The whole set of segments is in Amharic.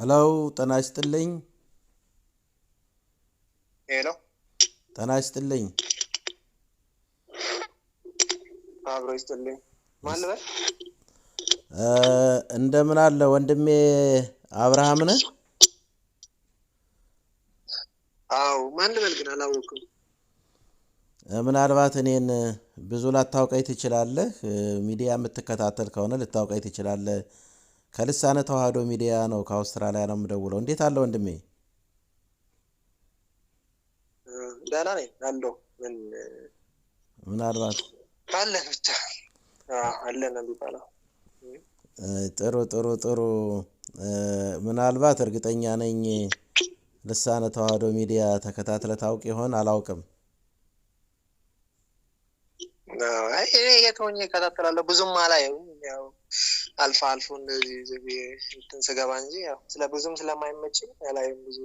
ሄሎ ጤና ይስጥልኝ። ሄሎ ጤና ይስጥልኝ። አብሮ ይስጥልኝ። ማን ነበር? እንደምን አለ ወንድሜ አብርሃም ነህ? አዎ ማን ልበል ግን አላወቅም። ምናልባት እኔን ብዙ ላታውቀኝ ትችላለህ። ሚዲያ የምትከታተል ከሆነ ልታውቀኝ ትችላለህ። ከልሳነ ተዋህዶ ሚዲያ ነው፣ ከአውስትራሊያ ነው የምደውለው። እንዴት አለ ወንድሜ? ደህና ነኝ ምናልባት አለን ብቻ ጥሩ ጥሩ ጥሩ። ምናልባት እርግጠኛ ነኝ ልሳነ ተዋህዶ ሚዲያ ተከታትለ ታውቅ ይሆን አላውቅም። እኔ የት ይከታተላለሁ ብዙም አላየው አልፎ አልፎ እንደዚህ እንትን ስገባ እንጂ ያው ስለ ብዙም ስለማይመችኝ ያላይም ብዙ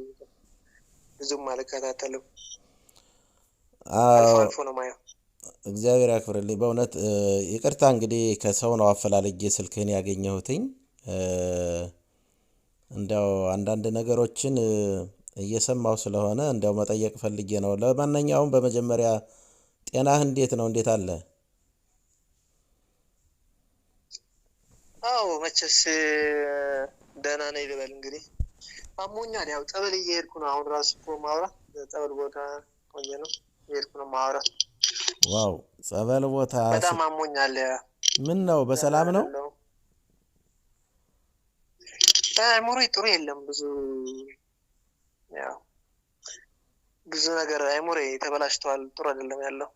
ብዙም አልከታተልም። አልፎ ነው ማየው። እግዚአብሔር ያክብርልኝ በእውነት ይቅርታ። እንግዲህ ከሰው ነው አፈላልጌ ስልክህን ያገኘሁትኝ። እንዲያው አንዳንድ ነገሮችን እየሰማው ስለሆነ እንዲያው መጠየቅ ፈልጌ ነው። ለማንኛውም በመጀመሪያ ጤናህ እንዴት ነው? እንዴት አለ? አዎ መቸስ ደህና ነኝ ልበል እንግዲህ አሞኛል። ያው ጠበል እየሄድኩ ነው። አሁን ራሱ እኮ ማውራት ጠበል ቦታ ቆየ ነው እየሄድኩ ነው ማውራት። ዋው ጸበል ቦታ በጣም አሞኛል። ምን ነው በሰላም ነው? አይምሮ ጥሩ የለም ብዙ ያው ብዙ ነገር አይምሮ ተበላሽተዋል። ጥሩ አይደለም ያለው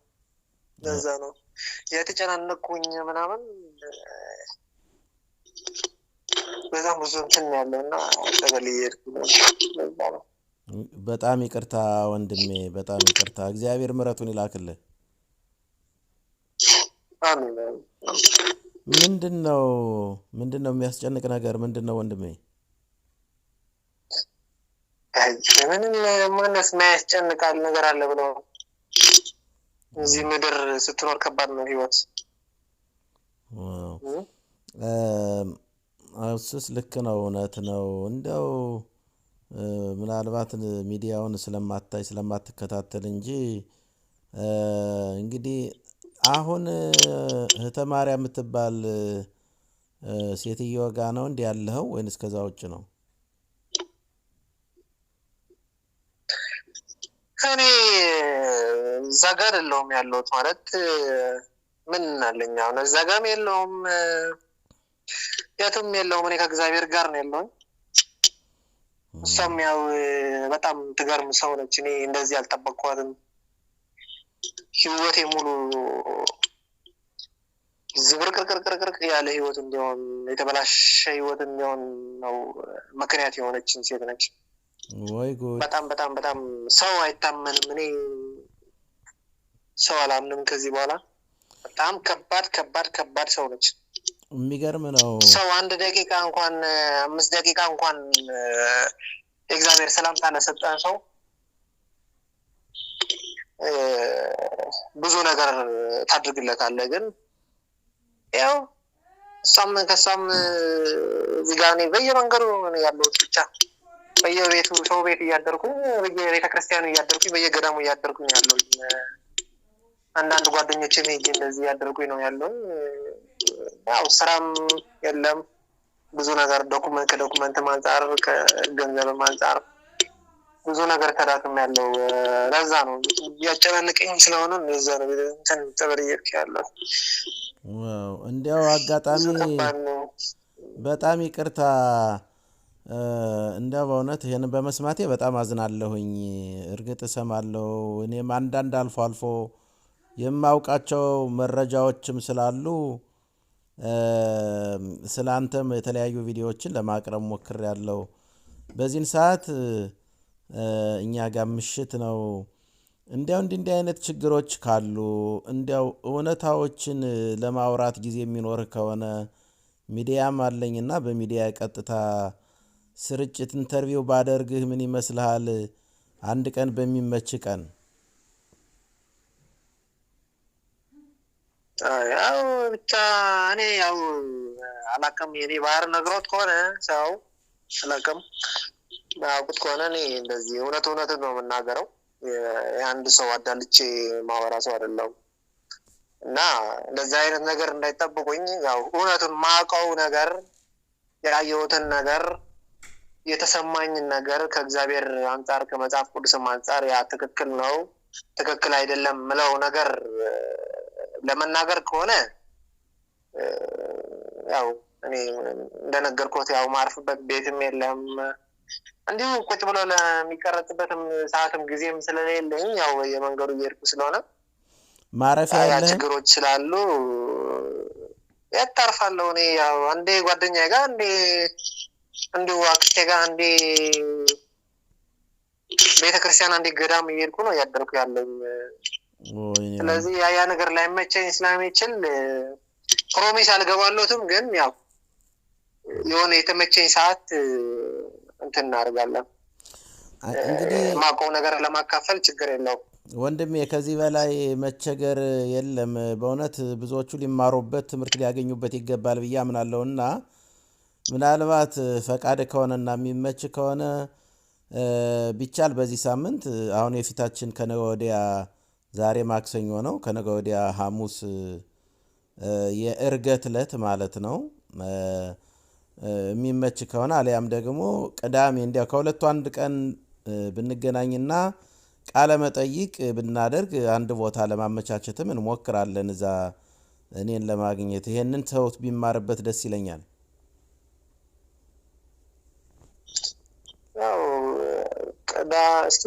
ለዛ ነው የተጨናነቁኝ ምናምን በጣም ብዙ እንትን ያለው እና ጠበል እየሄድኩ ነው። በጣም ይቅርታ ወንድሜ፣ በጣም ይቅርታ። እግዚአብሔር ምሕረቱን ይላክልህ። ምንድን ነው ምንድን ነው የሚያስጨንቅ ነገር ምንድን ነው ወንድሜ? ምንም ምንስ የሚያስጨንቃል ነገር አለ ብለው እዚህ ምድር ስትኖር ከባድ ነው ህይወት እሱስ ልክ ነው፣ እውነት ነው። እንደው ምናልባት ሚዲያውን ስለማታይ ስለማትከታተል እንጂ እንግዲህ አሁን እህተ ማርያም የምትባል ሴትዮ ጋ ነው እንዲ ያለኸው ወይን እስከዛ ውጭ ነው? እኔ እዛ ጋር የለውም ያለሁት ማለት ምን አለኝ አሁን እዛ ጋም የለውም የትም የለውም። እኔ ከእግዚአብሔር ጋር ነው ያለውኝ። እሷም ያው በጣም ትገርም ሰው ነች። እኔ እንደዚህ አልጠበቅኳትም። ህይወቴ ሙሉ ዝብርቅርቅርቅርቅርቅ ያለ ህይወት እንዲሆን የተበላሸ ህይወት እንዲሆን ነው ምክንያት የሆነችን ሴት ነች። ወይ በጣም በጣም በጣም ሰው አይታመንም። እኔ ሰው አላምንም ከዚህ በኋላ በጣም ከባድ ከባድ ከባድ ሰው ነች። የሚገርም ነው። ሰው አንድ ደቂቃ እንኳን አምስት ደቂቃ እንኳን የእግዚአብሔር ሰላምታ ለሰጠን ሰው ብዙ ነገር ታድርግለታለህ። ግን ያው እሷም ከሷም እዚህ ጋር እኔ በየመንገዱ ያለሁት ብቻ በየቤቱ ሰው ቤት እያደርኩኝ በየቤተ ክርስቲያኑ እያደርኩኝ በየገዳሙ እያደርኩኝ ያለው አንዳንድ ጓደኞች ሄጄ እንደዚህ እያደርኩኝ ነው ያለው። ያው ስራም የለም ብዙ ነገር ዶኩመንት ከዶኩመንት አንጻር ከገንዘብ አንጻር ብዙ ነገር ተዳክም ያለው ለዛ ነው ያጨናንቀኝ ስለሆነ ዛ ነው እንትን ጥብር እየሄድክ ያለው። እንዲያው አጋጣሚ በጣም ይቅርታ እንደ በእውነት ይህን በመስማቴ በጣም አዝናለሁኝ። እርግጥ እሰማለሁ እኔም አንዳንድ አልፎ አልፎ የማውቃቸው መረጃዎችም ስላሉ ስለ አንተም የተለያዩ ቪዲዮዎችን ለማቅረብ ሞክር ያለው በዚህን ሰዓት እኛ ጋር ምሽት ነው። እንዲያው እንዲህ እንዲህ አይነት ችግሮች ካሉ እንዲያው እውነታዎችን ለማውራት ጊዜ የሚኖር ከሆነ ሚዲያም አለኝና በሚዲያ ቀጥታ ስርጭት ኢንተርቪው ባደርግህ ምን ይመስልሃል? አንድ ቀን በሚመች ቀን ያው ብቻ እኔ ያው አላቅም የኔ ባህር ነግሮት ከሆነ ሰው አላውቅም አውቁት ከሆነ እኔ እንደዚህ እውነት እውነትን ነው የምናገረው። የአንድ ሰው አዳልቼ ማወራ ሰው አይደለሁም እና እንደዚህ አይነት ነገር እንዳይጠብቁኝ ያው እውነቱን ማውቀው ነገር ያየሁትን ነገር የተሰማኝን ነገር ከእግዚአብሔር አንጻር ከመጽሐፍ ቅዱስም አንጻር ያ ትክክል ነው ትክክል አይደለም ምለው ነገር ለመናገር ከሆነ ያው እኔ እንደነገርኩት ያው ማርፍበት ቤትም የለም እንዲሁ ቁጭ ብሎ ለሚቀረጽበትም ሰዓትም ጊዜም ስለሌለኝ ያው የመንገዱ እየሄድኩ ስለሆነ ማረፊያ ያለ ችግሮች ስላሉ ያታርፋለሁ። እኔ ያው አንዴ ጓደኛ ጋር አንዴ እንዲሁ አክስቴ ጋር አንዴ ቤተክርስቲያን አንዴ ገዳም እየሄድኩ ነው እያደርኩ ያለኝ ስለዚህ ያ ነገር ላይ መቸኝ ስለሚችል ፕሮሚስ አልገባለትም፣ ግን ያው የሆነ የተመቸኝ ሰዓት እንትን እናደርጋለን። እንግዲህ ማውቀው ነገር ለማካፈል ችግር የለው ወንድሜ። ከዚህ በላይ መቸገር የለም። በእውነት ብዙዎቹ ሊማሩበት ትምህርት ሊያገኙበት ይገባል ብዬ አምናለሁ እና ምናልባት ፈቃድ ከሆነና የሚመች ከሆነ ቢቻል በዚህ ሳምንት አሁን የፊታችን ከነወዲያ ዛሬ ማክሰኞ ነው። ከነገ ወዲያ ሐሙስ የእርገት ዕለት ማለት ነው። የሚመች ከሆነ አሊያም ደግሞ ቅዳሜ እንዲያው ከሁለቱ አንድ ቀን ብንገናኝና ቃለ መጠይቅ ብናደርግ አንድ ቦታ ለማመቻቸትም እንሞክራለን። እዛ እኔን ለማግኘት ይሄንን ሰውት ቢማርበት ደስ ይለኛል። ቅዳ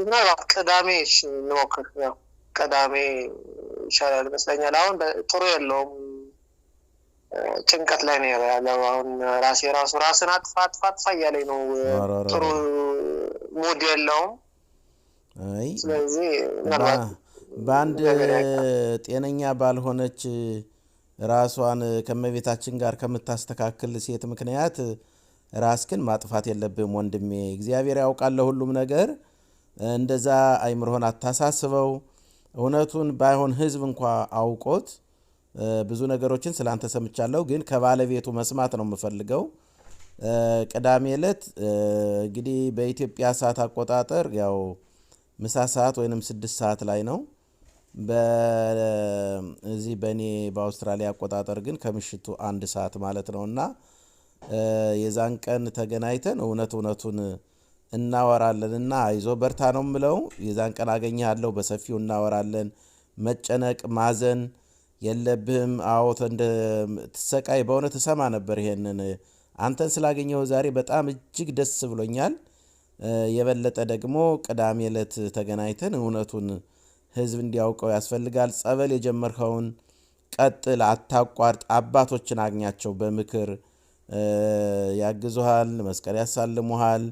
ምናልባት ቅዳሜ እንሞክር ያው ቅዳሜ ይሻላል ይመስለኛል። አሁን ጥሩ የለውም፣ ጭንቀት ላይ ነው ያለው። አሁን ራሴ ራሱ ራስን አጥፋ አጥፋ አጥፋ እያለኝ ነው። ጥሩ ሙድ የለውም። ስለዚህ በአንድ ጤነኛ ባልሆነች ራሷን ከመቤታችን ጋር ከምታስተካክል ሴት ምክንያት ራስ ግን ማጥፋት የለብም ወንድሜ። እግዚአብሔር ያውቃል ሁሉም ነገር። እንደዛ አይምሮህን አታሳስበው። እውነቱን ባይሆን ህዝብ እንኳ አውቆት ብዙ ነገሮችን ስላንተ ሰምቻለሁ፣ ግን ከባለቤቱ መስማት ነው የምፈልገው። ቅዳሜ ዕለት እንግዲህ በኢትዮጵያ ሰዓት አቆጣጠር ያው ምሳ ሰዓት ወይም ስድስት ሰዓት ላይ ነው። እዚህ በእኔ በአውስትራሊያ አቆጣጠር ግን ከምሽቱ አንድ ሰዓት ማለት ነው እና የዛን ቀን ተገናኝተን እውነት እውነቱን እናወራለን እና አይዞ በርታ ነው ምለው። የዛን ቀን አገኘሃለሁ፣ በሰፊው እናወራለን። መጨነቅ ማዘን የለብህም። አዎት እንደ ትሰቃይ በእውነት እሰማ ነበር። ይሄንን አንተን ስላገኘው ዛሬ በጣም እጅግ ደስ ብሎኛል። የበለጠ ደግሞ ቅዳሜ ዕለት ተገናኝተን እውነቱን ህዝብ እንዲያውቀው ያስፈልጋል። ጸበል የጀመርከውን ቀጥል፣ አታቋርጥ። አባቶችን አግኛቸው፣ በምክር ያግዙሃል፣ መስቀል ያሳልሙሃል።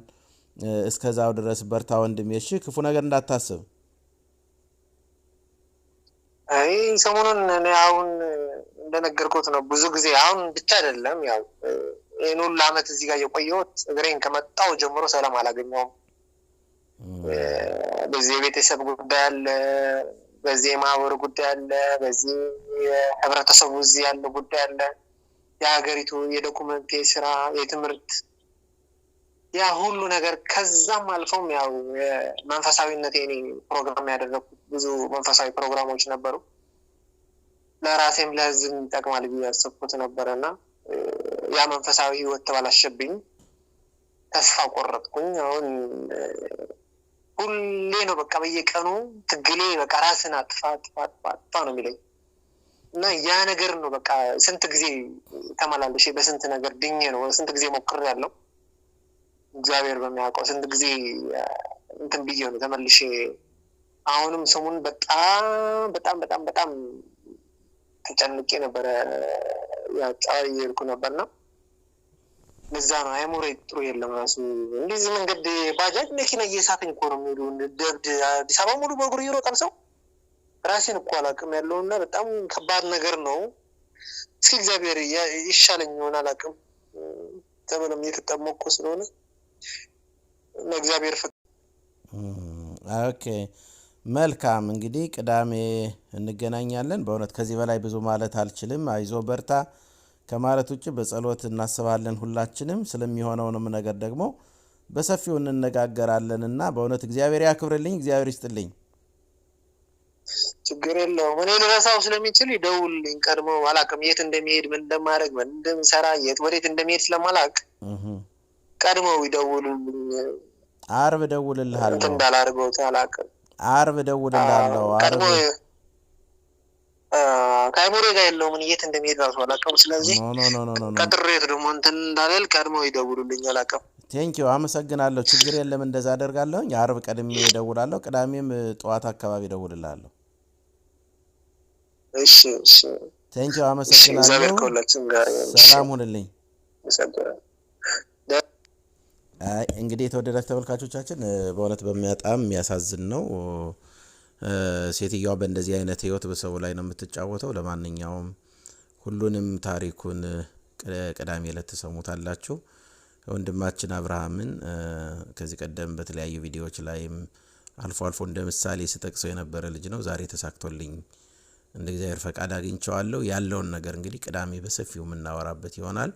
እስከዛው ድረስ በርታ ወንድሜ። እሺ ክፉ ነገር እንዳታስብ። አይ ሰሞኑን እኔ አሁን እንደነገርኩት ነው ብዙ ጊዜ አሁን ብቻ አይደለም ያው ይህን ሁሉ አመት እዚህ ጋር የቆየሁት እግሬን ከመጣው ጀምሮ ሰላም አላገኘውም። በዚህ የቤተሰብ ጉዳይ አለ፣ በዚህ የማህበሩ ጉዳይ አለ፣ በዚህ የህብረተሰቡ እዚህ ያለ ጉዳይ አለ፣ የሀገሪቱ የዶኩመንት የስራ የትምህርት ያ ሁሉ ነገር ከዛም አልፈውም ያው መንፈሳዊነት ኔ ፕሮግራም ያደረኩት ብዙ መንፈሳዊ ፕሮግራሞች ነበሩ። ለራሴም ለህዝብ ይጠቅማል ብዬ ያሰብኩት ነበረ እና ያ መንፈሳዊ ህይወት ተባላሸብኝ ተስፋ ቆረጥኩኝ። አሁን ሁሌ ነው በቃ በየቀኑ ትግሌ በቃ ራስን አጥፋ አጥፋ አጥፋ አጥፋ ነው የሚለኝ እና ያ ነገር ነው በቃ ስንት ጊዜ ተመላለሽ በስንት ነገር ድኜ ነው ስንት ጊዜ ሞክር ያለው እግዚአብሔር በሚያውቀው ስንት ጊዜ እንትን ብዬ ነው ተመልሼ አሁንም ስሙን በጣም በጣም በጣም በጣም ተጨንቄ ነበረ። ጫዋ እየልኩ ነበር ነው ለዛ ነው አይሞሬ ጥሩ የለም ራሱ እንደዚህ መንገድ ባጃጅ መኪና እየሳተኝ እኮ ነው የሚሄዱ ደብድ አዲስ አበባ ሙሉ በእግሩ ይሮጣል ሰው። ራሴን እኮ ያለው ያለውና በጣም ከባድ ነገር ነው። እስኪ እግዚአብሔር ይሻለኝ ይሆን አላቅም ተብሎም እየተጠመቅኩ ስለሆነ ለእግዚአብሔር ፍቅ ኦኬ መልካም እንግዲህ ቅዳሜ እንገናኛለን። በእውነት ከዚህ በላይ ብዙ ማለት አልችልም። አይዞ በርታ ከማለት ውጭ በጸሎት እናስባለን ሁላችንም። ስለሚሆነውንም ነገር ደግሞ በሰፊው እንነጋገራለን እና በእውነት እግዚአብሔር ያክብርልኝ፣ እግዚአብሔር ይስጥልኝ። ችግር የለውም። እኔ ልረሳው ስለሚችል ይደውልልኝ። ቀድሞ አላቅም የት እንደሚሄድ ምን እንደማድረግ ምን እንደምሰራ የት ወዴት እንደሚሄድ ስለማላቅ ቀድመው ይደውሉልኝ። አርብ እደውልልሃለሁ እንዳላርገው አላውቅም። አርብ እደውልልሃለሁ። ከአይሞሬ ጋር ምን የት እንደሚሄድ ራሱ አላውቅም። ስለዚህ ቀጥሬት ደግሞ እንትን እንዳልል ቀድሞ ይደውሉልኝ። አላውቅም። ቴንኪው አመሰግናለሁ። ችግር የለም እንደዛ አደርጋለሁኝ። አርብ ቀድሜ እደውላለሁ። ቅዳሜም ጠዋት አካባቢ እደውልልሃለሁ። ቴንኪ እሺ። አመሰግናለሁ። ሰላም ሁንልኝ። እንግዲህ የተወደዳችሁ ተመልካቾቻችን በእውነት በጣም የሚያሳዝን ነው። ሴትዮዋ በእንደዚህ አይነት ህይወት በሰው ላይ ነው የምትጫወተው። ለማንኛውም ሁሉንም ታሪኩን ቅዳሜ ዕለት ትሰሙታላችሁ። ወንድማችን አብርሃምን ከዚህ ቀደም በተለያዩ ቪዲዮዎች ላይም አልፎ አልፎ እንደ ምሳሌ ስጠቅሰው የነበረ ልጅ ነው። ዛሬ ተሳክቶልኝ እንደ እግዚአብሔር ፈቃድ አግኝቸዋለሁ። ያለውን ነገር እንግዲህ ቅዳሜ በሰፊው የምናወራበት ይሆናል።